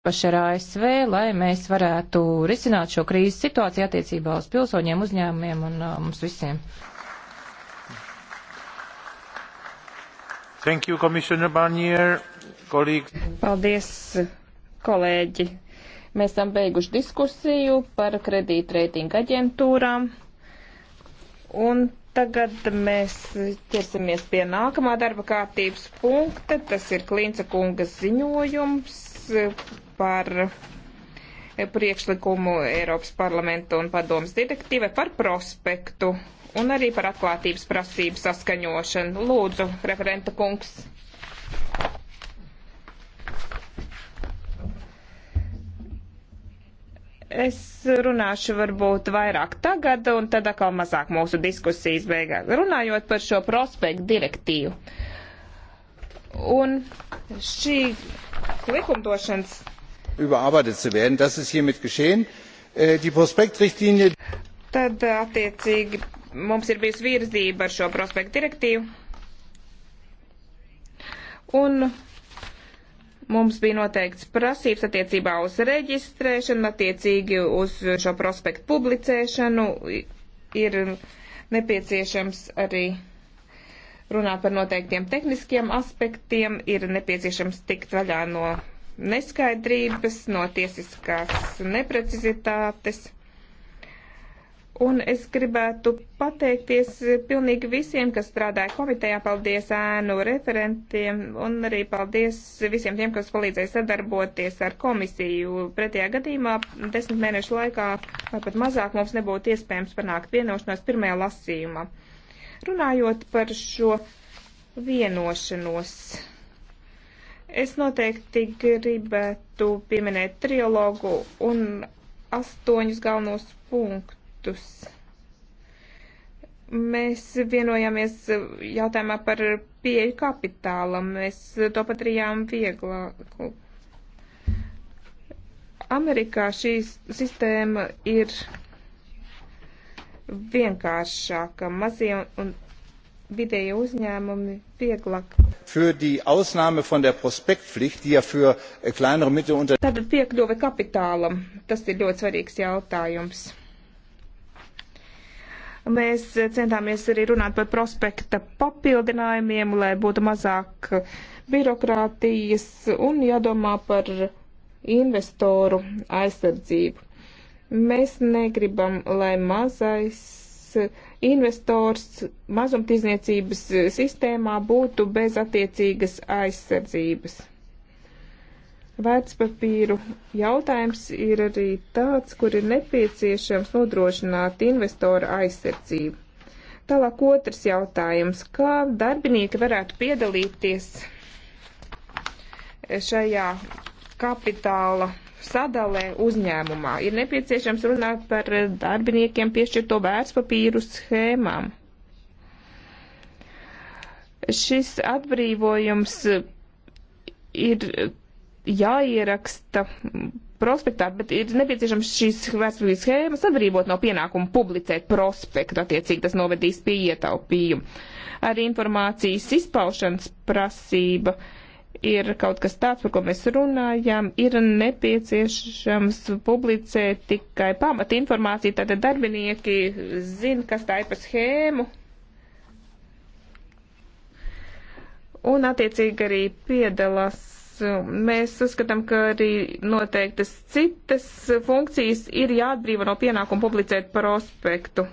paši ar ASV, lai mēs varētu risināt šo krīzes situāciju attiecībā uz pilsoņiem, uzņēmumiem un uh, mums visiem. Thank you, Commissioner Barnier. Colleagues. Paldies, kolēģi. Mēs esam beiguši diskusiju par kredītreitinga aģentūrām. Un tagad mēs ķersimies pie nākamā darba kārtības punkta. Tas ir Klīnca kungas ziņojums par priekšlikumu Eiropas parlamenta un padomas direktīvai par prospektu un arī par atklātības prasību saskaņošanu. Lūdzu, referenta kungs. Es runāšu varbūt vairāk tagad un tad atkal mazāk mūsu diskusijas beigās. Runājot par šo prospektu direktīvu. Uh, Un šī likumdošanas. Überarbeitet zu werden, das ist hiermit geschehen. Äh, die prospektrichtlinie. Tad äh, attiecīgi mums ir bijusi virzība ar šo prospektu direktīvu. Un mums bija noteikts prasības attiecībā uz reģistrēšanu, attiecīgi uz šo prospektu publicēšanu. Ir nepieciešams arī runāt par noteiktiem tehniskiem aspektiem, ir nepieciešams tikt vaļā no neskaidrības, no tiesiskās neprecizitātes. Un es gribētu pateikties pilnīgi visiem, kas strādāja komitejā. Paldies ēnu referentiem un arī paldies visiem tiem, kas palīdzēja sadarboties ar komisiju. Pretējā gadījumā desmit mēnešu laikā vai pat mazāk mums nebūtu iespējams panākt vienošanos pirmajā lasījumā. Runājot par šo vienošanos, es noteikti gribētu pieminēt trilogu un astoņus galvenos punktus. Mēs vienojāmies jautājumā par pieeju kapitālam. Mēs to padarījām vieglāku. Amerikā šī sistēma ir vienkāršāka. Mazie un vidēji uzņēmumi vieglāk. Für die Ausnahme von der Prospektpflicht, die ja für äh, kleinere Mitte unter... Tad piekļuve kapitālam, tas ir ļoti svarīgs jautājums. Mēs centāmies arī runāt par prospekta papildinājumiem, lai būtu mazāk birokrātijas un jādomā par investoru aizsardzību. Mēs negribam, lai mazais eh, investors mazumtirdzniecības eh, sistēmā būtu bez attiecīgas aizsardzības. Vērtspapīru jautājums ir arī tāds, kur ir nepieciešams nodrošināt investoru aizsardzību. Tālāk otrs jautājums. Kā darbinieki varētu piedalīties šajā kapitāla sadalē uzņēmumā. Ir nepieciešams runāt par darbiniekiem piešķirto vērtspapīru schēmām. Šis atbrīvojums ir jāieraksta prospektā, bet ir nepieciešams šīs vērtspapīra schēmas atbrīvot no pienākuma publicēt prospektu, attiecīgi tas novedīs pie ietaupījumu. Arī informācijas izpaušanas prasība uh, ir kaut kas tāds, par ko mēs runājām, ir nepieciešams publicēt tikai pamat informāciju, tātad darbinieki zina, kas tā ir pa schēmu. Un attiecīgi arī piedalās. Mēs uzskatām, ka arī noteiktas citas funkcijas ir jāatbrīvo no pienākuma publicēt prospektu.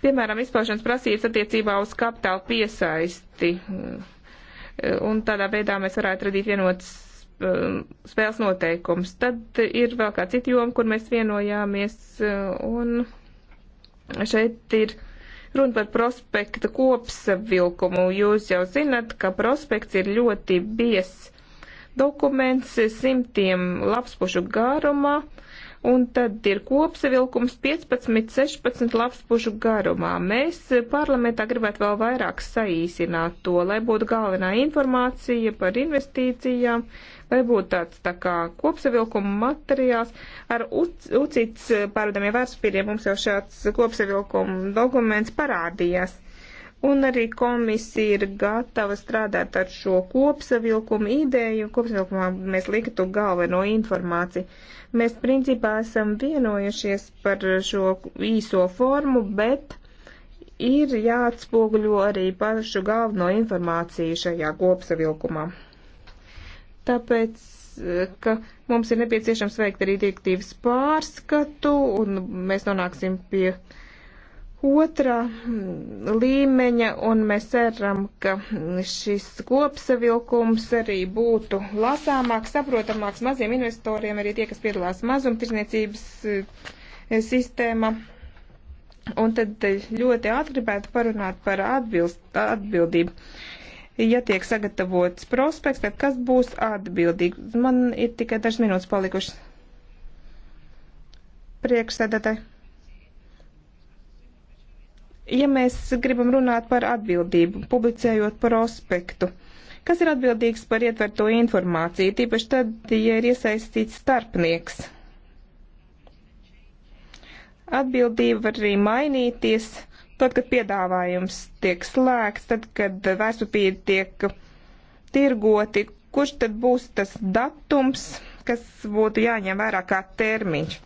Piemēram, izpaušanas prasības attiecībā uz kapitāla piesaisti un tādā veidā mēs varētu radīt vienotas um, spēles noteikums. Tad ir vēl kā cita joma, kur mēs vienojāmies, uh, un šeit ir runa par prospekta kopsavilkumu. Jūs jau zinat, ka prospekts ir ļoti bies dokuments simtiem lapspušu garumā, un tad ir kopsavilkums 15-16 lapspužu garumā. Mēs parlamentā gribētu vēl vairāk saīsināt to, lai būtu galvenā informācija par investīcijām, lai būtu tāds tā kā kopsavilkuma materiāls. Ar UCITS pārādamiem vērtspīriem mums jau šāds kopsavilkuma dokuments parādījās un arī komisija ir gatava strādāt ar šo kopsavilkumu ideju, un kopsavilkumā mēs liktu galveno informāciju. Mēs principā esam vienojušies par šo īso formu, bet ir jāatspoguļo arī pašu galveno informāciju šajā kopsavilkumā. Tāpēc, ka mums ir nepieciešams veikt arī direktīvas pārskatu, un mēs nonāksim pie uh, otrā mm, līmeņa, un mēs ceram, ka šis kopsavilkums arī būtu lasāmāks, saprotamāks maziem investoriem, arī tie, kas piedalās mazumtirdzniecības eh, sistēma. Un tad ļoti atgribētu parunāt par atbilst, atbildību. Ja tiek sagatavots prospekts, tad kas būs atbildīgs? Man ir tikai dažas minūtes palikušas. Priekšsēdētāji. Ja mēs gribam runāt par atbildību, publicējot prospektu, kas ir atbildīgs par ietverto informāciju, tīpaši tad, ja ir iesaistīts starpnieks. Atbildība var arī mainīties, tad, kad piedāvājums tiek slēgts, tad, kad vērtspapīri tiek tirgoti, kurš tad būs tas datums, kas būtu jāņem vērā kā termiņš.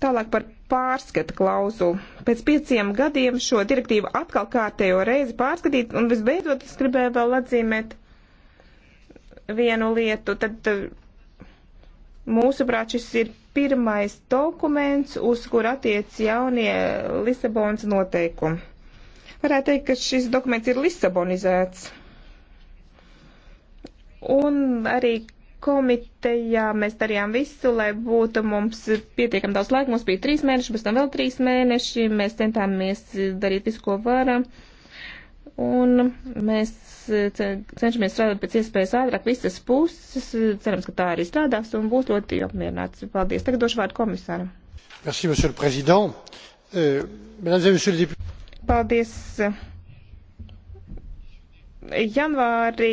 Tālāk par pārskata klauzulu. Pēc pieciem gadiem šo direktīvu atkal kārtējo reizi pārskatīt, un visbeidzot es gribēju vēl atzīmēt vienu lietu. Tad eh, mūsuprāt šis ir pirmais dokuments, uz kur attiec jaunie Lisabonas noteikumi. Varētu teikt, ka šis dokuments ir Lisabonizēts. Un arī komitejā mēs darījām visu, lai būtu mums pietiekami daudz laika. Mums bija trīs mēneši, pēc tam vēl trīs mēneši. Mēs centāmies darīt visu, ko varam. Un mēs cenšamies strādāt pēc iespējas ātrāk visas puses. Cerams, ka tā arī strādās un būs ļoti apmierināts. Paldies. Tagad došu vārdu komisāram. Merci, monsieur le président. Euh, mesdames et messieurs les députés. Paldies. Janvārī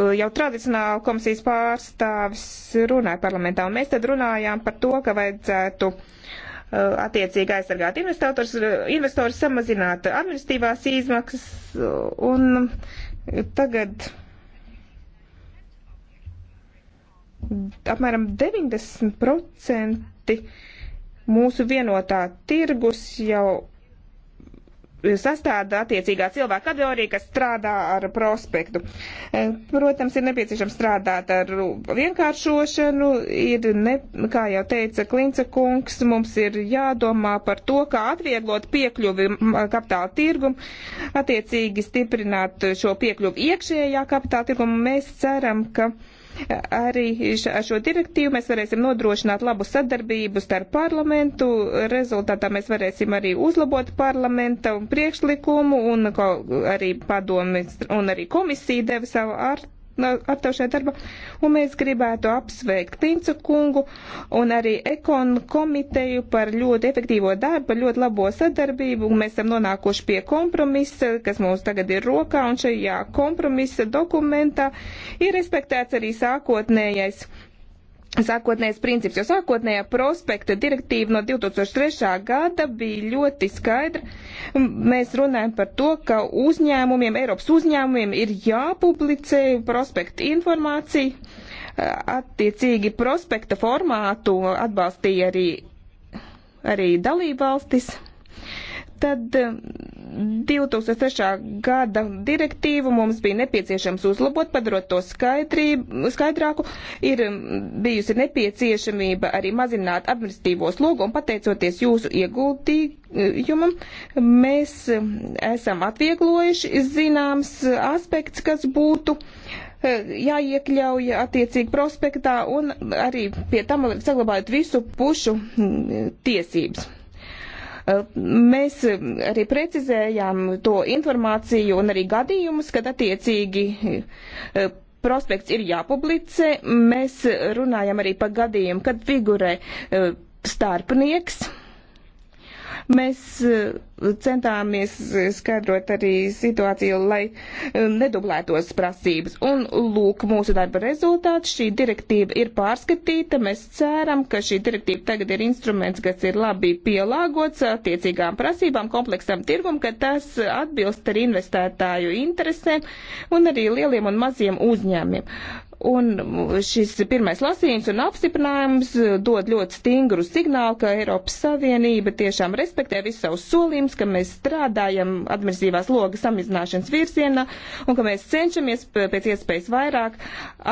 Eh, jau tradicionāli komisijas pārstāvis runāja parlamentā, un mēs tad runājām par to, ka vajadzētu eh, attiecīgi aizsargāt investors, eh, investors samazināt administratīvās izmaksas, un tagad apmēram 90% mūsu vienotā tirgus jau sastāda attiecīgā cilvēka kategorija, kas strādā ar prospektu. Eh, protams, ir nepieciešams strādāt ar vienkāršošanu, ir, ne, kā jau teica Klinca kungs, mums ir jādomā par to, kā atvieglot piekļuvi kapitāla tirgumu, attiecīgi stiprināt šo piekļuvi iekšējā kapitāla tirgumu. Mēs ceram, ka Arī ar šo direktīvu mēs varēsim nodrošināt labu sadarbību starp parlamentu. Rezultātā mēs varēsim arī uzlabot parlamenta un priekšlikumu, un arī padomi un arī komisija deva savu artu aptaušai darba, un mēs gribētu apsveikt Pincu kungu un arī Ekon komiteju par ļoti efektīvo darbu, ļoti labo sadarbību, un mēs esam nonākuši pie kompromisa, kas mums tagad ir rokā, un šajā kompromisa dokumentā ir respektēts arī sākotnējais sākotnējais princips, jo sākotnējā prospekta direktīva no 2003. gada bija ļoti skaidra. Mēs runājam par to, ka uzņēmumiem, Eiropas uzņēmumiem ir jāpublicē prospekta informācija. Attiecīgi prospekta formātu atbalstīja arī, arī dalībvalstis. Tad 2003. gada direktīvu mums bija nepieciešams uzlabot, padarot to skaidrību, skaidrāku. Ir mm, bijusi nepieciešamība arī mazināt administratīvo slogu un pateicoties jūsu ieguldījumam, mēs mm, esam atvieglojuši zināms aspekts, kas būtu eh, jāiekļauj attiecīgi prospektā un arī pie tam saglabājot visu pušu mm, tiesības. Mēs arī precizējām to informāciju un arī gadījumus, kad attiecīgi eh, prospekts ir jāpublicē. Mēs runājam arī par gadījumu, kad figurē eh, starpnieks. Mēs eh, centāmies skaidrot arī situāciju, lai um, nedublētos prasības. Un lūk, mūsu darba rezultāts, šī direktīva ir pārskatīta, mēs ceram, ka šī direktīva tagad ir instruments, kas ir labi pielāgots attiecīgām prasībām, kompleksam tirgum, ka tas atbilst arī investētāju interesēm un arī lieliem un maziem uzņēmiem. Un šis pirmais lasījums un apstiprinājums dod ļoti stingru signālu, ka Eiropas Savienība tiešām respektē visus savus solījumus protams, ka mēs strādājam administratīvās logas samazināšanas virzienā un ka mēs cenšamies pēc iespējas vairāk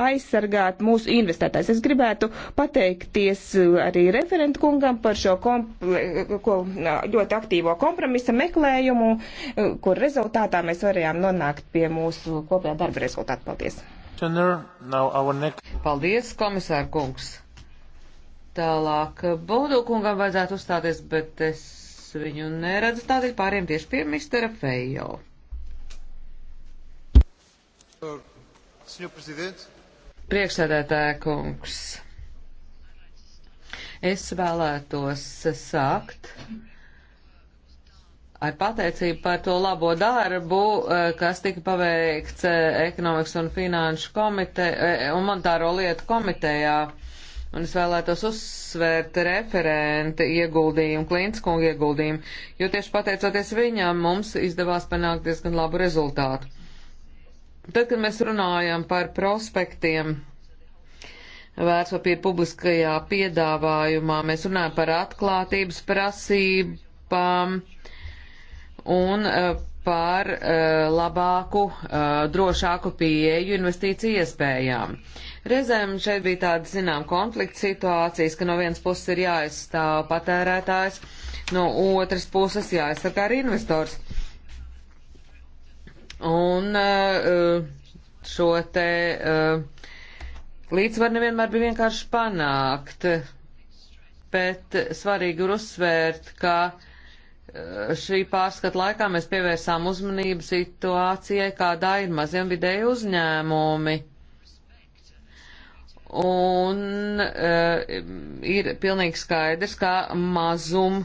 aizsargāt mūsu investētājs. Es gribētu pateikties uh, arī referentu kungam par šo uh, ko, uh, ļoti aktīvo kompromisa meklējumu, kur rezultātā mēs varējām nonākt pie mūsu kopējā darba rezultātu. Paldies! Paldies, komisār kungs! Tālāk, Baudo kungam vajadzētu uzstāties, bet es viņu neredzu, tādēļ pāriem tieši pie mistera Fejo. Priekšsēdētāja kungs, es vēlētos sākt ar pateicību par to labo darbu, eh, kas tika paveikts eh, ekonomikas un finanšu komite eh, un monetāro lietu komitejā Un es vēlētos uzsvērt referenta ieguldījumu, Klinskunga ieguldījumu, jo tieši pateicoties viņam mums izdevās panākt diezgan labu rezultātu. Tad, kad mēs runājam par prospektiem vērtspapīra publiskajā piedāvājumā, mēs runājam par atklātības prasībām un e, par e, labāku, e, drošāku pieeju investīciju iespējām. Uh, Reizēm šeit bija tāda, zinām, konflikta situācijas, ka no vienas puses ir jāaizstāv patērētājs, no otras puses jāaizsargā arī investors. Un eh, šo te eh, līdzsvaru nevienmēr bija vienkārši panākt, bet svarīgi ir uzsvērt, ka eh, šī pārskata laikā mēs pievērsām uzmanību situācijai, kādā ir maziem vidēji uzņēmumi un uh, ir pilnīgi skaidrs, ka mazum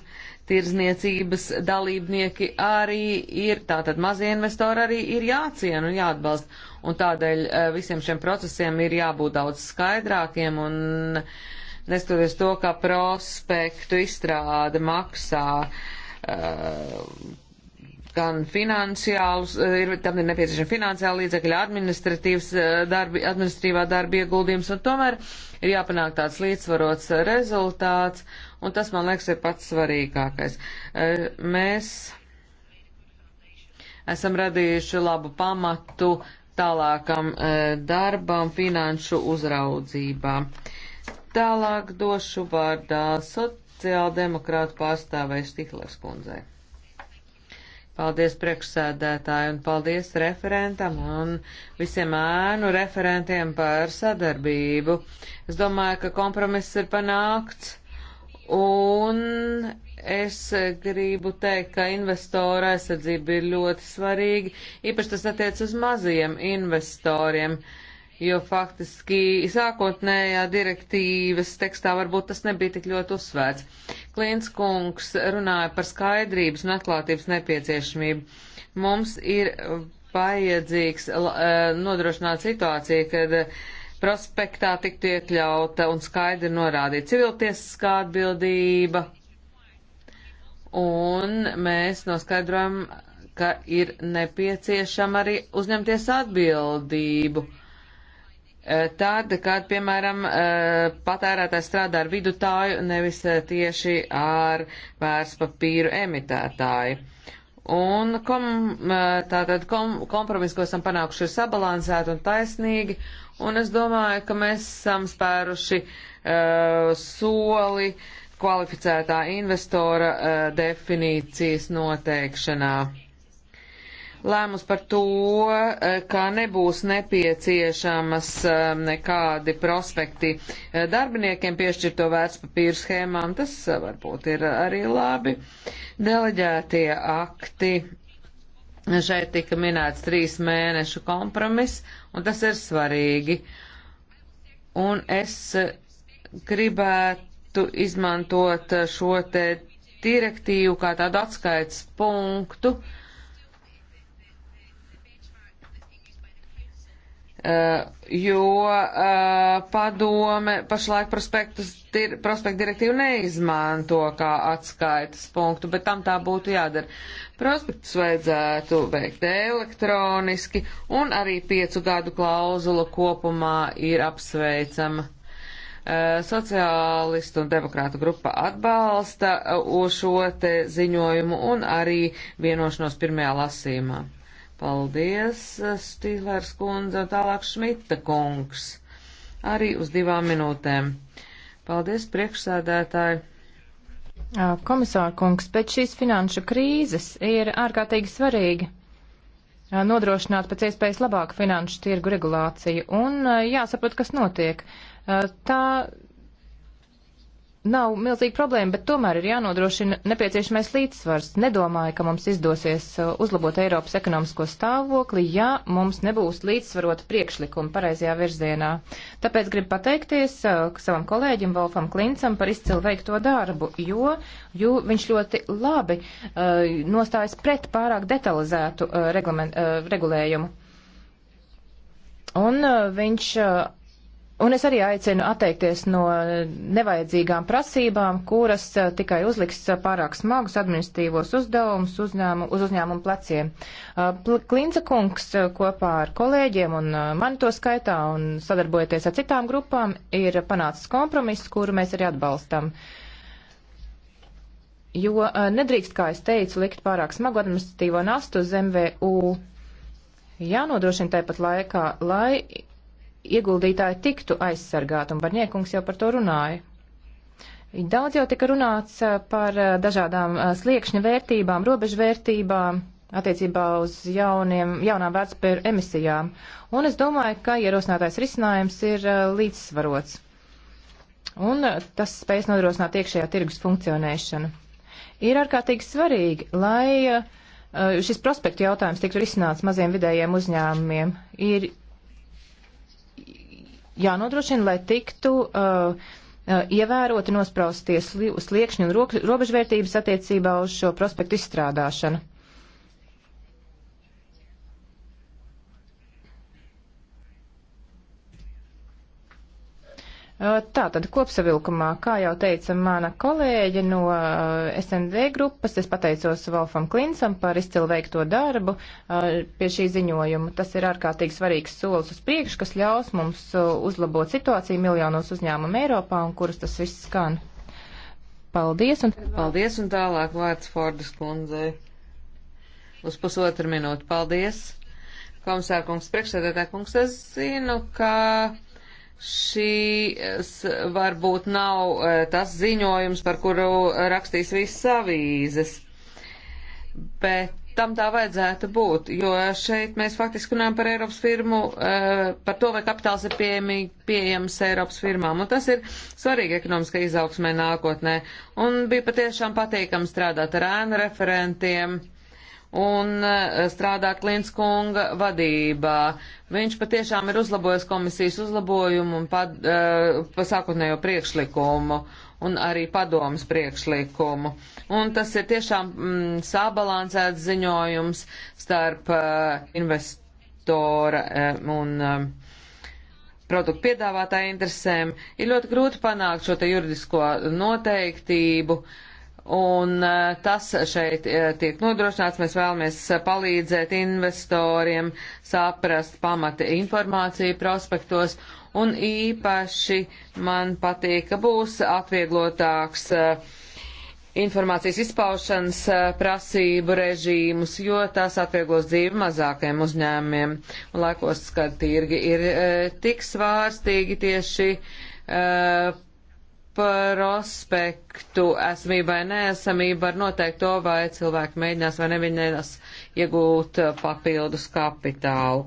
tirzniecības dalībnieki arī ir, tātad mazie investori arī ir jāciena un jāatbalsta. Un tādēļ uh, visiem šiem procesiem ir jābūt daudz skaidrākiem un neskatoties to, ka prospektu izstrāde maksā uh, gan finansiālus, eh, ir, tam ir nepieciešama finansiāla līdzekļa, administratīvs eh, darbi, administratīvā darba ieguldījums, un tomēr ir jāpanāk tāds līdzsvarots rezultāts, un tas, man liekas, ir pats svarīgākais. Eh, mēs esam radījuši labu pamatu tālākam darbam finanšu uzraudzībā. Tālāk došu vārdā sociāldemokrātu pārstāvēju Stihlers kundzei. Paldies priekšsēdētāji un paldies referentam un visiem ēnu referentiem par sadarbību. Es domāju, ka kompromiss ir panākts un es gribu teikt, ka investora aizsardzība ir ļoti svarīga, īpaši tas attiec uz mazajiem investoriem. Uh, jo faktiski sākotnējā direktīvas tekstā varbūt tas nebija tik ļoti uzsvērts. Klients kungs runāja par skaidrības un atklātības nepieciešamību. Mums ir vajadzīgs e, nodrošināt situāciju, kad prospektā tiktu iekļauta un skaidri norādīta civiltiesiskā atbildība. Un mēs noskaidrojam, ka ir nepieciešama arī uzņemties atbildību. Uh, Eh, tad, kad, piemēram, eh, patērētājs strādā ar vidutāju, nevis eh, tieši ar vērtspapīru emitētāju. Un kom, tātad kom, kompromis, ko esam panākuši, ir sabalansēti un taisnīgi, un es domāju, ka mēs esam spēruši uh, soli kvalificētā investora uh, definīcijas noteikšanā lēmums par to, eh, ka nebūs nepieciešamas eh, nekādi prospekti eh, darbiniekiem piešķirto vērtspapīru schēmām. Tas varbūt ir arī labi. Deleģētie akti. Šeit tika minēts trīs mēnešu kompromis, un tas ir svarīgi. Un es gribētu izmantot šo te direktīvu kā tādu atskaits punktu, uh, Eh, jo eh, padome pašlaik prospektus, prospektu direktīvu neizmanto kā atskaitas punktu, bet tam tā būtu jādara. Prospektus vajadzētu veikt elektroniski, un arī piecu gadu klauzula kopumā ir apsveicama eh, sociālistu un demokrātu grupa atbalsta šo te ziņojumu un arī vienošanos pirmajā lasīmā. Paldies, Stīlērs kundze, un tālāk Šmita kungs. Arī uz divām minūtēm. Paldies, priekšsēdētāji. Komisāra kungs, pēc šīs finanšu krīzes ir ārkārtīgi svarīgi nodrošināt pēc iespējas labāku finanšu tirgu regulāciju un jāsaprot, kas notiek. Tā nav milzīga problēma, bet tomēr ir jānodrošina nepieciešamais līdzsvars. Nedomāju, ka mums izdosies uh, uzlabot Eiropas ekonomisko stāvokli, ja mums nebūs līdzsvarota priekšlikuma pareizajā virzienā. Tāpēc gribu pateikties uh, savam kolēģim Volfam Klincam par izcilu veikto darbu, jo, jo viņš ļoti labi uh, nostājas pret pārāk detalizētu uh, uh, regulējumu. Un uh, viņš Un es arī aicinu atteikties no nevajadzīgām prasībām, kuras eh, tikai uzliks eh, pārāk smagus administratīvos uzdevumus uzņēmu, uz uzņēmumu pleciem. Eh, Klinca kungs kopā ar kolēģiem un mani to skaitā un sadarbojoties ar citām grupām ir panācis kompromiss, kuru mēs arī atbalstam. Jo nedrīkst, kā es teicu, likt pārāk smagu administratīvo nastu uz MVU. Jānodrošina tāpat laikā, lai ieguldītāji tiktu aizsargāti, un Barņiekungs jau par to runāja. Daudz jau tika runāts eh, par eh, dažādām eh, sliekšņa vērtībām, robežvērtībām attiecībā uz jauniem, jaunām vērtspēru emisijām, un es domāju, ka ierosinātais risinājums ir līdzsvarots, un tas spējas nodrošināt iekšējā tirgus funkcionēšanu. Ir ārkārtīgi svarīgi, lai šis prospektu jautājums tiktu risināts maziem vidējiem uzņēmumiem. Ir jānodrošina, lai tiktu uh, uh ievēroti nosprausties sliekšņi un robežvērtības attiecībā uz šo prospektu izstrādāšanu. Tātad kopsavilkumā, kā jau teica mana kolēģe no SND grupas, es pateicos Volfam Klinsam par izcilu veikto darbu pie šī ziņojuma. Tas ir ārkārtīgi svarīgs solis uz priekšu, kas ļaus mums uzlabot situāciju miljonos uzņēmumu Eiropā un kurus tas viss skan. Paldies un, Paldies un tālāk vārds Fordas kundzei. Uz pusotru minūtu. Paldies. Komisārkungs, priekšsēdētājkungs, es zinu, ka Šīs eh, varbūt nav eh, tas ziņojums, par kuru rakstīs visas avīzes, bet tam tā vajadzētu būt, jo šeit mēs faktiski runājam par Eiropas firmu, eh, par to, vai kapitāls ir pieejams Eiropas firmām, un tas ir svarīgi ekonomiskai izaugsmai nākotnē. Un bija patiešām patīkami strādāt ar ēnu referentiem un eh, strādā Klinskunga vadībā. Viņš patiešām ir uzlabojis komisijas uzlabojumu un pad, uh, eh, pasākotnējo priekšlikumu un arī padomas priekšlikumu. Un tas ir tiešām mm, sabalansēts ziņojums starp uh, investora uh, un uh, produktu piedāvātāja interesēm. Ir ļoti grūti panākt šo te juridisko noteiktību. Uh, Un eh, tas šeit eh, tiek nodrošināts. Mēs vēlamies eh, palīdzēt investoriem saprast pamata informāciju prospektos. Un īpaši man patīk, ka būs atvieglotāks informācijas izpaušanas prasību režīmus, jo tas atvieglos dzīvi mazākiem uzņēmumiem. Un laikos, kad tirgi ir tik svārstīgi tieši prospektu esamība vai neesamība var noteikt to, vai cilvēki mēģinās vai nemēģinās iegūt papildus kapitālu.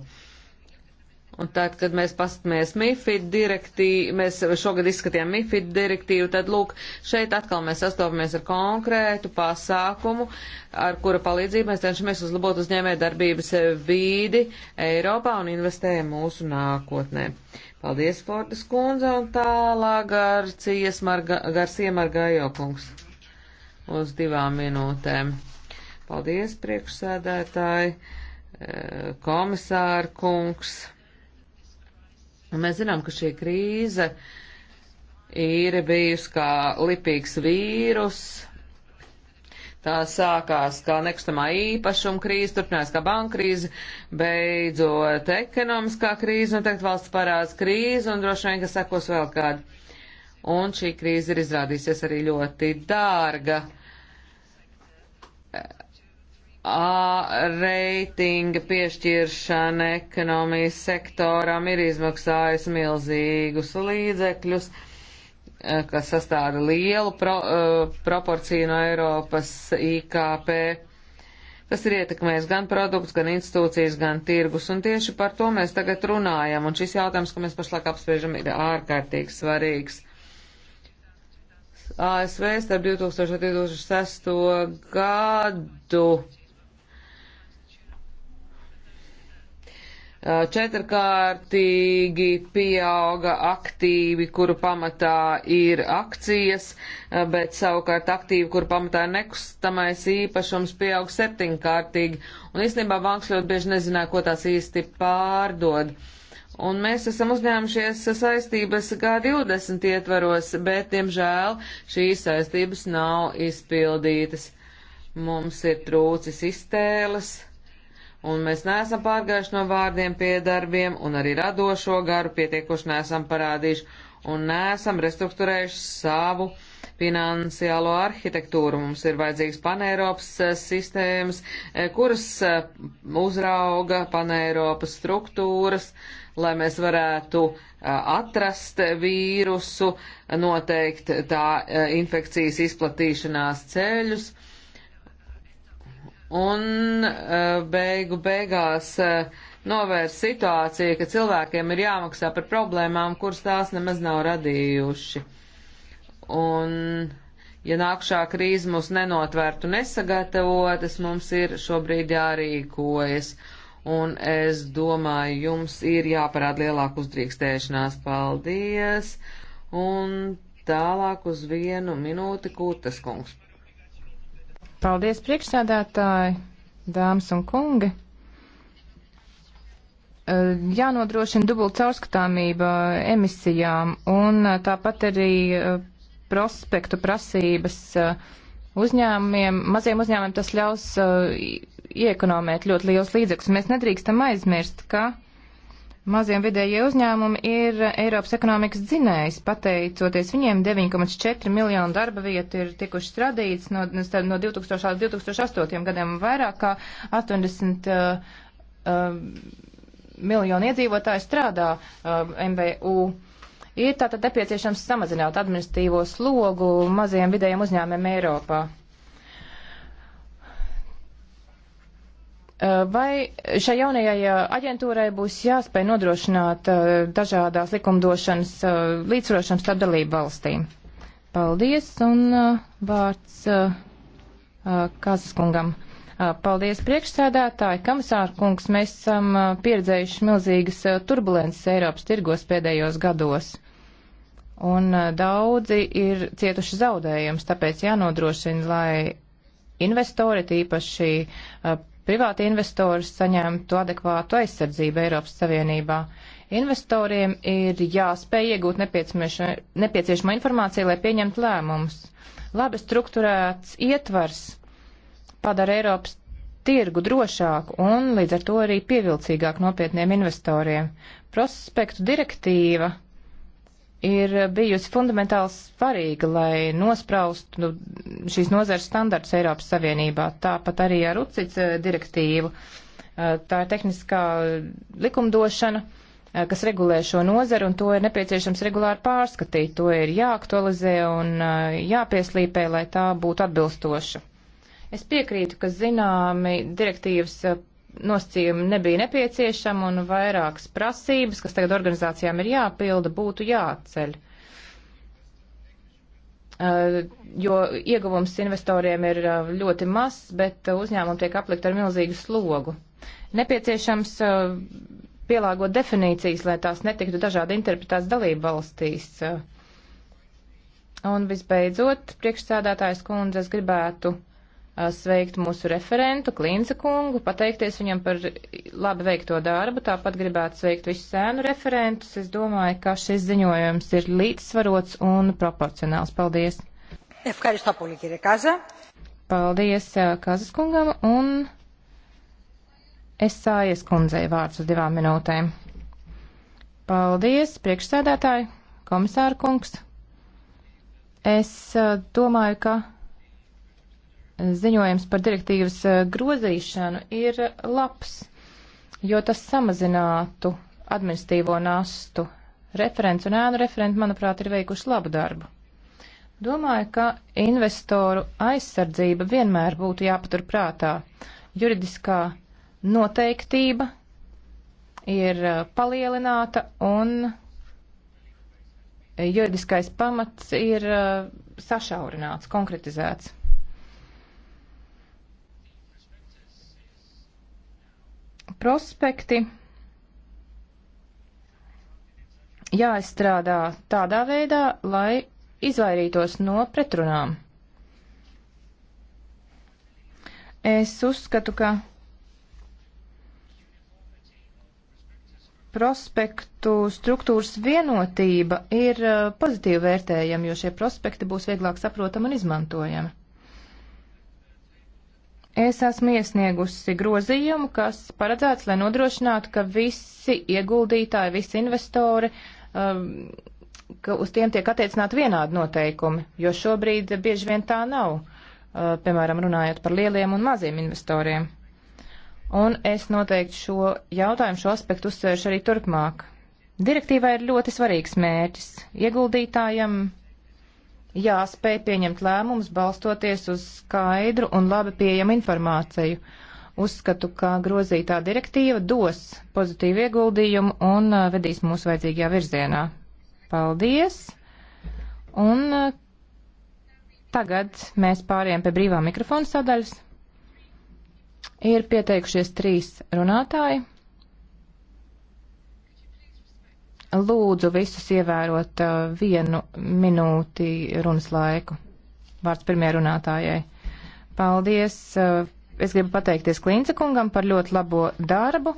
Un tad, kad mēs paskatāmies MIFID direktīvu, mēs šogad izskatījām MIFID direktīvu, tad lūk, šeit atkal mēs sastopamies ar konkrētu pasākumu, ar kura palīdzību mēs cenšamies uzlabot uzņēmē darbības vīdi Eiropā un investējam mūsu nākotnē. Paldies, Fortas kundze, un tālāk Garcijas Marga, Garcija Margajokungs uz divām minūtēm. Paldies, priekšsēdētāji, eh, komisāra kungs. Un mēs zinām, ka šī krīze ir bijusi kā lipīgs vīrus. Tā sākās kā nekustamā īpašuma krīze, turpinājās kā banka krīze, beidzot ekonomiskā krīze un tagad valsts parāds krīze un droši vien, ka sekos vēl kāda. Un šī krīze ir izrādīsies arī ļoti dārga A reitinga piešķiršana ekonomijas sektoram ir izmaksājusi milzīgus līdzekļus, e, kas sastāda lielu pro, e, proporciju no Eiropas IKP. Tas ir ietekmējis gan produkts, gan institūcijas, gan tirgus, un tieši par to mēs tagad runājam, un šis jautājums, ko mēs pašlaik apspriežam, ir ārkārtīgi svarīgs. ASV starp 2000 un 2006 gadu Eh, četrkārtīgi pieauga aktīvi, kuru pamatā ir akcijas, eh, bet savukārt aktīvi, kuru pamatā ir nekustamais īpašums, pieauga septiņkārtīgi. Un īstenībā banks ļoti bieži nezināja, ko tās īsti pārdod. Un mēs esam uzņēmušies saistības G20 ietvaros, bet, diemžēl, šīs saistības nav izpildītas. Mums ir trūcis iztēles un mēs neesam pārgājuši no vārdiem pie darbiem, un arī radošo garu pietiekuši neesam parādījuši, un neesam restruktūrējuši savu finansiālo arhitektūru. Mums ir vajadzīgs paneiropas eh, sistēmas, eh, kuras eh, uzrauga paneiropas struktūras, lai mēs varētu atrast vīrusu, noteikt tā infekcijas izplatīšanās ceļus un eh, beigu beigās eh, novērst situāciju, ka cilvēkiem ir jāmaksā par problēmām, kuras tās nemaz nav radījuši. Un, ja nākšā krīze mūs nenotvērtu nesagatavotas, mums ir šobrīd jārīkojas. Un es domāju, jums ir jāparāda lielāka uzdrīkstēšanās. Paldies! Un tālāk uz vienu minūti Kūtas kungs. Paldies, priekšsēdētāji, dāmas un kungi. Eh, jānodrošina dubult caurskatāmība emisijām un eh, tāpat arī eh, prospektu prasības uzņēmumiem. Maziem uzņēmumiem tas ļaus iekonomēt ļoti liels līdzekļus. Mēs nedrīkstam aizmirst, ka Maziem vidējie uzņēmumi ir Eiropas ekonomikas dzinējs. Pateicoties viņiem, 9,4 miljonu darba vietu ir tikušas radīts no, no 2000 līdz 2008 gadiem un vairāk kā 80 uh, uh, miljonu iedzīvotāju strādā uh, eh, MBU. Ir tātad nepieciešams samazināt administrīvo slogu maziem vidējiem uzņēmumiem Eiropā. Eh, vai šai jaunajai eh, aģentūrai būs jāspēj nodrošināt eh, dažādās likumdošanas līdzsvarošanas starp dalību valstīm? Paldies un vārds Kazaskungam. Paldies priekšsēdētāji, komisāra kungs, mēs esam pieredzējuši milzīgas turbulences Eiropas tirgos pēdējos gados. Un daudzi ir cietuši zaudējums, tāpēc jānodrošina, lai investori, tīpaši privāti investori saņemtu adekvātu aizsardzību Eiropas Savienībā. Investoriem ir jāspēj iegūt nepieciešamo informāciju, lai pieņemtu lēmumus. Labi strukturēts ietvars padara Eiropas tirgu drošāku un līdz ar to arī pievilcīgāku nopietniem investoriem. Prospektu direktīva ir bijusi fundamentāli svarīga, lai nospraust nu, šīs nozares standarts Eiropas Savienībā. Tāpat arī ar UCITS eh, direktīvu. Eh, tā ir tehniskā likumdošana, eh, kas regulē šo nozaru, un to ir nepieciešams regulāri pārskatīt. To ir jāaktualizē un jāpieslīpē, lai tā būtu atbilstoša. Es piekrītu, ka zināmi direktīvas nosacījumi nebija nepieciešami un vairākas prasības, kas tagad organizācijām ir jāpilda, būtu jāceļ. Uh, jo ieguvums investoriem ir uh, ļoti mazs, bet uh, uzņēmumi tiek aplikt ar milzīgu slogu. Nepieciešams uh, pielāgot definīcijas, lai tās netiktu dažādi interpretētas dalību valstīs. Uh, un visbeidzot, priekšsēdētājs kundze, es gribētu Eh, sveikt mūsu referentu Klīnca kungu, pateikties viņam par labi veikto darbu, tāpat gribētu sveikt visus sēnu referentus. Es domāju, ka šis ziņojums ir līdzsvarots un proporcionāls. Paldies! Paldies eh, Kazas kungam un es sājies kundzei vārds uz divām minūtēm. Paldies, priekšsēdētāji, komisāra kungs. Es eh, domāju, ka ziņojums par direktīvas eh, grozīšanu ir labs, jo tas samazinātu administīvo nastu. Referents un ēnu referenti, manuprāt, ir veikuši labu darbu. Domāju, ka investoru aizsardzība vienmēr būtu jāpatur prātā. Juridiskā noteiktība ir eh, palielināta un juridiskais pamats ir eh, sašaurināts, konkretizēts. prospekti jāizstrādā tādā veidā, lai izvairītos no pretrunām. Es uzskatu, ka prospektu struktūras vienotība ir eh, pozitīvi vērtējama, jo šie prospekti būs vieglāk saprotami un izmantojami. Es esmu iesniegusi grozījumu, kas paredzēts, lai nodrošinātu, ka visi ieguldītāji, visi investori, um, ka uz tiem tiek attiecināti vienādi noteikumi, jo šobrīd bieži vien tā nav, uh, piemēram, runājot par lieliem un maziem investoriem. Un es noteikti šo jautājumu, šo aspektu uzsvēršu arī turpmāk. Direktīvai ir ļoti svarīgs mērķis. Ieguldītājam jāspēj pieņemt lēmumus balstoties uz skaidru un labi pieejamu informāciju. Uzskatu, ka grozītā direktīva dos pozitīvu ieguldījumu un uh, vedīs mūsu vajadzīgajā virzienā. Paldies! Un uh, tagad mēs pāriem pie brīvā mikrofona sadaļas. Ir pieteikušies trīs runātāji. Lūdzu visus ievērot uh, vienu minūti runas laiku. Vārds pirmajai runātājai. Paldies! Uh, es gribu pateikties Klīnce kungam par ļoti labo darbu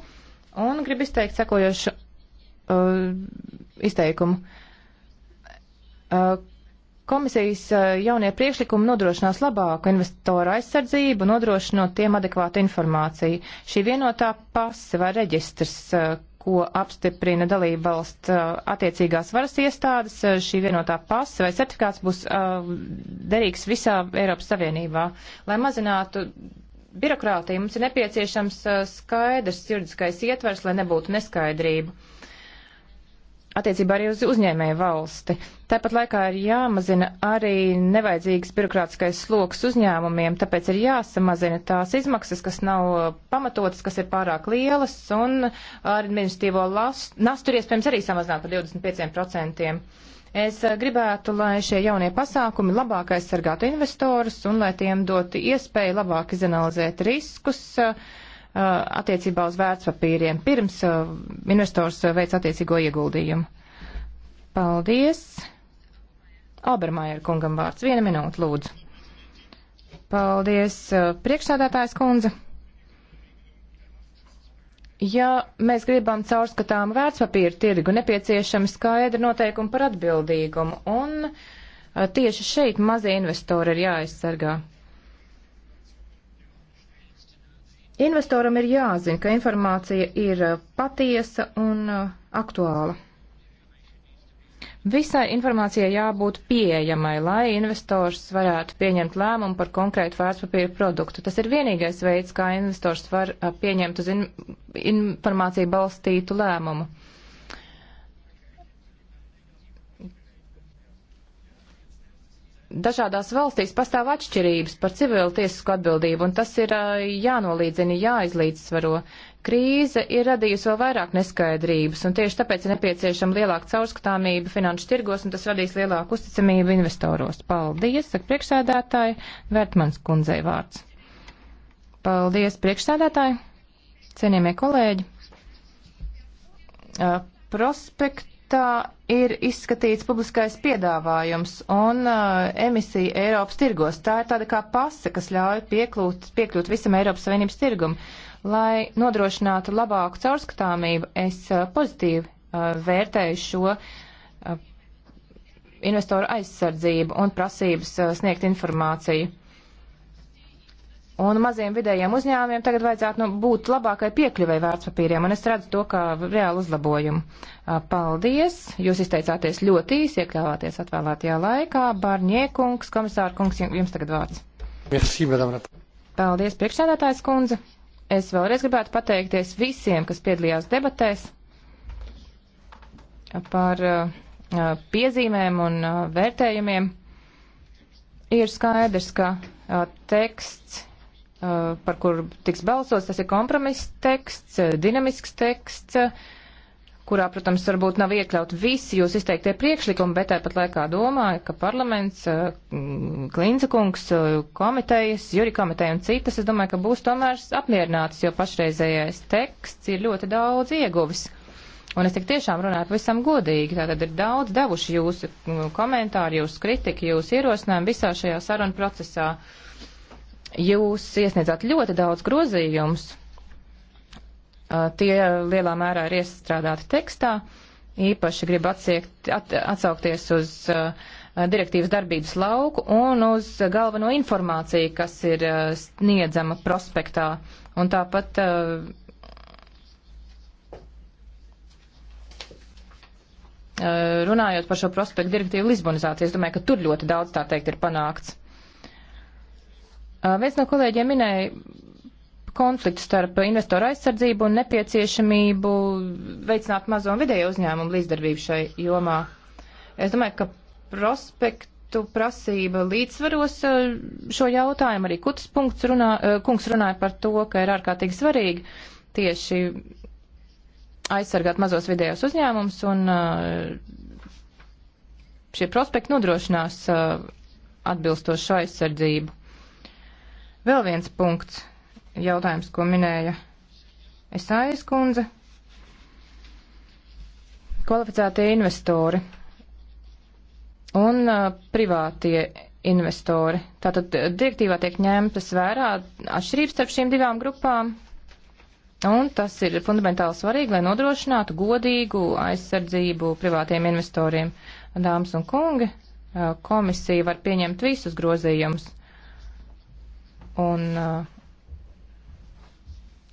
un gribu izteikt sekojošu uh, izteikumu. Uh, Komisijas uh, jaunie priekšlikumi nodrošinās labāku investoru aizsardzību, nodrošinot tiem adekvātu informāciju. Šī vienotā pase vai reģistrs, ko apstiprina dalība valsts uh, attiecīgās varas iestādes, uh, šī vienotā pasa vai certifikāts būs uh, derīgs visā Eiropas Savienībā. Lai mazinātu birokrātiju, mums ir nepieciešams uh, skaidrs juridiskais ietvers, lai nebūtu neskaidrību attiecībā arī uz uzņēmēju valsti. Tāpat laikā ir jāmazina arī nevajadzīgs birokrātiskais sloks uzņēmumiem, tāpēc ir jāsamazina tās izmaksas, kas nav pamatotas, kas ir pārāk lielas, un ar administratīvo nastu ir iespējams arī samazināt par 25%. Es gribētu, lai šie jaunie pasākumi labāk aizsargātu investorus un lai tiem dotu iespēju labāk izanalizēt riskus. Uh, Uh, attiecībā uz vērtspapīriem pirms uh, investors uh, veic attiecīgo ieguldījumu. Paldies! Obermajer kungam vārds. Viena minūte, lūdzu. Paldies, priekšsādātājs kundze. Ja mēs gribam caurskatām vērtspapīru tirgu, nepieciešama skaidra noteikuma par atbildīgumu, un tieši šeit mazie investori ir jāaizsargā. Investoram ir jāzina, ka informācija ir eh, patiesa un eh, aktuāla. Visai informācijai jābūt pieejamai, lai investors varētu pieņemt lēmumu par konkrētu vērtspapīru produktu. Tas ir vienīgais veids, kā investors var eh, pieņemt uz in informāciju balstītu lēmumu. dažādās valstīs pastāv atšķirības par civilu tiesisku atbildību, un tas ir jānolīdzina, jāizlīdzsvaro. Krīze ir radījusi vēl vairāk neskaidrības, un tieši tāpēc ir nepieciešama lielāka caurskatāmība finanšu tirgos, un tas radīs lielāku uzticamību investoros. Paldies, saka priekšsēdētāji, Vērtmans kundzei vārds. Paldies, priekšsēdētāji, cienījamie kolēģi. Prospekt Tā ir izskatīts publiskais piedāvājums un uh, emisija Eiropas tirgos. Tā ir tāda kā pasa, kas ļauj piekļūt, piekļūt visam Eiropas Savienības tirgum. Lai nodrošinātu labāku caurskatāmību, es uh, pozitīvi uh, vērtēju šo uh, investoru aizsardzību un prasības uh, sniegt informāciju. Uh, Un maziem vidējiem uzņēmumiem tagad vajadzētu nu, būt labākai piekļuvai vērtspapīriem, un es redzu to kā reālu uzlabojumu. Paldies! Jūs izteicāties ļoti īsi, iekļāvāties atvēlētajā laikā. Bārņiekungs, komisāra kungs, jums tagad vārds. Merci, madame. Paldies, priekšsēdētājs kundze. Es vēlreiz gribētu pateikties visiem, kas piedalījās debatēs par piezīmēm un vērtējumiem. Ir skaidrs, ka teksts Eh, par kur tiks balsots, tas ir kompromiss teksts, eh, dinamisks teksts, eh, kurā, protams, varbūt nav iekļaut visi jūs izteiktie priekšlikumi, bet tāpat laikā domāju, ka parlaments, Klinzakungs, komitejas, Juri komiteja un citas, es domāju, ka būs tomēr apmierinātas, jo pašreizējais teksts ir ļoti daudz ieguvis. Un es tik tiešām runāju pavisam godīgi. Tātad ir daudz devuši jūsu komentāri, jūsu kritika, jūsu ierosinājumi visā šajā sarunu procesā. Uh, Jūs iesniedzāt ļoti daudz grozījumus. Tie lielā mērā ir iestrādāti tekstā. Īpaši gribu atsiekt, at, atsaukties uz uh, direktīvas darbības lauku un uz galveno informāciju, kas ir uh, sniedzama prospektā. Un tāpat uh, runājot par šo prospektu direktīvu Lisbonizāciju, es domāju, ka tur ļoti daudz, tā teikt, ir panākts. Viens no kolēģiem minēja konfliktu starp investoru aizsardzību un nepieciešamību veicināt mazo un vidēju uzņēmumu līdzdarbību šai jomā. Es domāju, ka prospektu prasība līdzsvaros šo jautājumu. Arī Kutas runā, kungs runāja par to, ka ir ārkārtīgi svarīgi tieši aizsargāt mazos vidējos uzņēmumus un šie prospekti nodrošinās atbilstošu aizsardzību. Vēl viens punkts, jautājums, ko minēja Esājas kundze. Kvalificētie investori un uh, privātie investori. Tātad uh, direktīvā tiek ņemtas vērā atšķirības starp šīm divām grupām, Un tas ir fundamentāli svarīgi, lai nodrošinātu godīgu aizsardzību privātiem investoriem. Dāmas un kungi, uh, komisija var pieņemt visus grozījumus. Un uh,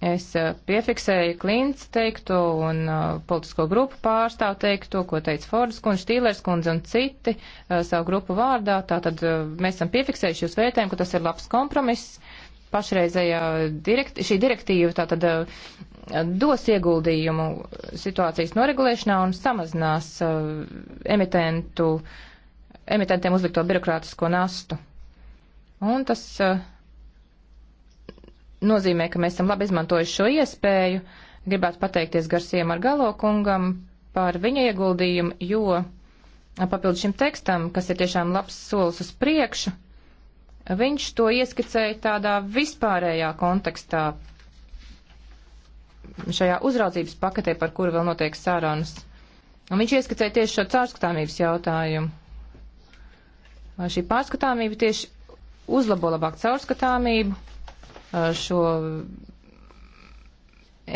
es uh, piefiksēju Klints teikto un uh, politisko grupu pārstāvu teikto, ko teica Fordas kundze, Štīlers kundze un citi savu grupu vārdā. Tātad mēs esam piefiksējuši jūs vērtējumu, ka tas ir labs kompromiss pašreizējā direkt, šī direktīva tātad dos ieguldījumu situācijas noregulēšanā un samazinās uh, emitentu, emitentiem uzlikto birokrātisko nastu. Un tas uh, nozīmē, ka mēs esam labi izmantojuši šo iespēju. Gribētu pateikties Garsiem ar Galo kungam par viņa ieguldījumu, jo papildus šim tekstam, kas ir tiešām labs solis uz priekšu, viņš to ieskicēja tādā vispārējā kontekstā šajā uzraudzības paketē, par kuru vēl notiek sārunas. Un viņš ieskicēja tieši šo cārskatāmības jautājumu. Šī pārskatāmība tieši uzlabo labāk caurskatāmību, šo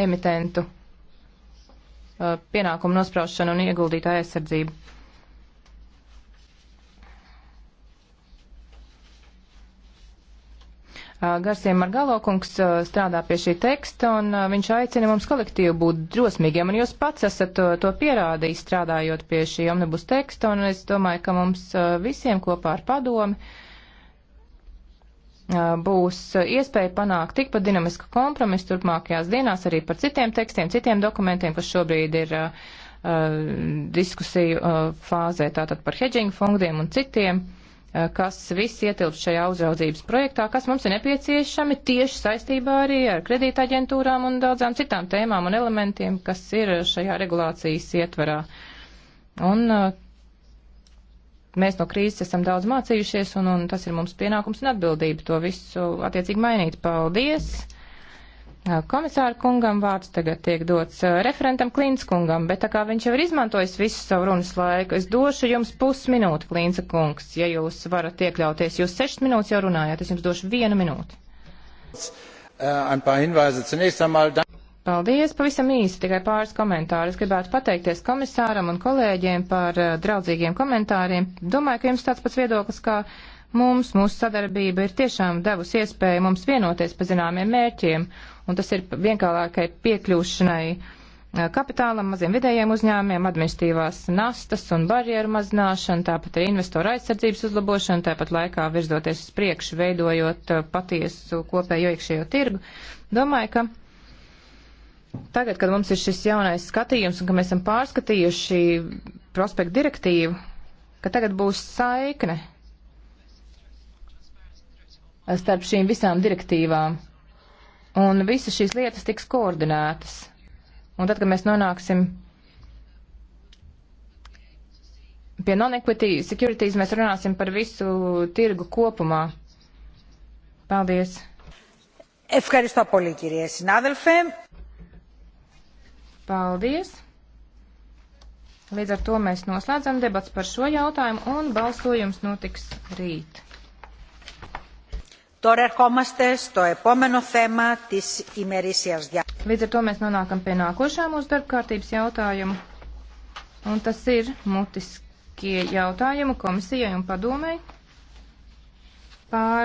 emitentu pienākumu nospraušanu un ieguldītāju aizsardzību. Garsiem Margalokungs strādā pie šī teksta, un viņš aicina mums kolektīvi būt drosmīgiem, un jūs pats esat to, to pierādījis strādājot pie šī omnibus teksta, un es domāju, ka mums visiem kopā ar padomi uh, būs iespēja panākt tikpat dinamisku kompromisu turpmākajās dienās arī par citiem tekstiem, citiem dokumentiem, kas šobrīd ir uh, diskusiju uh, fāzē, tātad par hedžingu fondiem un citiem, uh, kas viss ietilpst šajā uzraudzības projektā, kas mums ir nepieciešami tieši saistībā arī ar kredītaģentūrām un daudzām citām tēmām un elementiem, kas ir šajā regulācijas ietvarā. Un uh, mēs no krīzes esam daudz mācījušies, un, un tas ir mums pienākums un atbildība to visu attiecīgi mainīt. Paldies! Komisāra kungam vārds tagad tiek dots referentam Klīns kungam, bet tā kā viņš jau ir izmantojis visu savu runas laiku, es došu jums pusminūti, Klīnsa kungs, ja jūs varat iekļauties. Jūs sešas minūtes jau runājāt, es jums došu vienu minūti. Uh, Paldies! Pavisam īsi tikai pāris komentārus. Gribētu pateikties komisāram un kolēģiem par uh, draudzīgiem komentāriem. Domāju, ka jums tāds pats viedoklis kā mums. Mūsu sadarbība ir tiešām devusi iespēju mums vienoties pa zināmiem mērķiem, un tas ir vienkāršākai piekļūšanai eh, kapitālam, maziem vidējiem uzņēmiem, administratīvās nastas un barjeru mazināšana, tāpat arī investoru aizsardzības uzlabošana, tāpat laikā virzoties uz priekšu, veidojot eh, patiesu kopējo iekšējo tirgu. Domāju, ka Tagad, kad mums ir šis jaunais skatījums un ka mēs esam pārskatījuši prospektu direktīvu, ka tagad būs saikne starp šīm visām direktīvām. Un visas šīs lietas tiks koordinētas. Un tad, kad mēs nonāksim pie non-equity securities, mēs runāsim par visu tirgu kopumā. Paldies! Ευχαριστώ πολύ, κυρία συνάδελφε. Paldies! Līdz ar to mēs noslēdzam debats par šo jautājumu un balsojums notiks rīt. Līdz ar to mēs nonākam pie nākošā mūsu darbkārtības jautājuma, un tas ir mutiskie jautājumi komisijai un padomēji. Pār